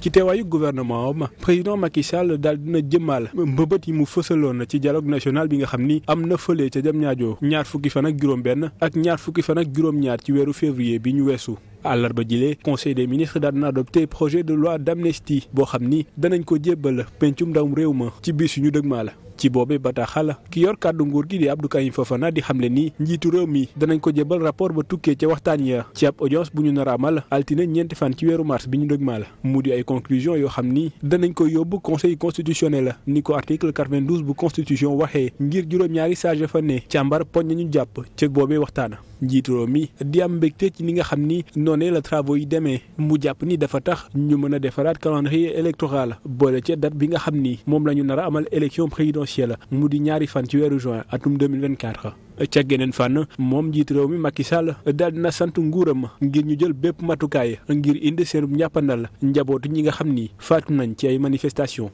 ci teewaayu gouvernement am président Macky Sall daal dina jëmmaal mbëbët yi mu na ci dialogue national bi nga xam ni am na fële ca Diamniadio ñaar fukki fan ak juróom-benn ak ñaar fukki fan ak juróom-ñaar ci weeru février bi ñu weesu. àllarba jile conseil des ministres daal dina adopté projet de loi d'amnistie boo xam ni danañ ko jébbal pencum ndawum réew ma ci biir yu ñu dëgmaa la ci boobe bataaxal ki yor kàddu nguur gi di Abdou Karim Fofana di xamle ni njiitu réew mi danañ ko jébal rapport ba tukkee ca waxtaan ya ci ab audience bu ñu nar a altine ñeenti fan ci weeru mars bi ñu dëgmaal mu di ay conclusion yoo xam ni danañ ko yóbbu conseil la ni ko article 92 bu constitution waxee ngir juróom-ñaari sage fa ne càmbar poñ nañu jàpp ca boobee waxtaana njiitu réew mi di am mbégte ci ni nga xam ni noonee la travaux yi demee mu jàpp ni dafa tax ñu mën a defaraat calendrier électoral boole ca date bi nga xam ni moom la ñu nar a amal élection présidentielle mu di ñaari fan ci weeru juin atum 2024. ca geneen fànn moom njiit réew mi Macky Sall daal na sant nguuram ngir ñu jël bépp matukaay ngir indi seen njàppandal njabootu ñi nga xam ni faatu nañ ci ay manifestations.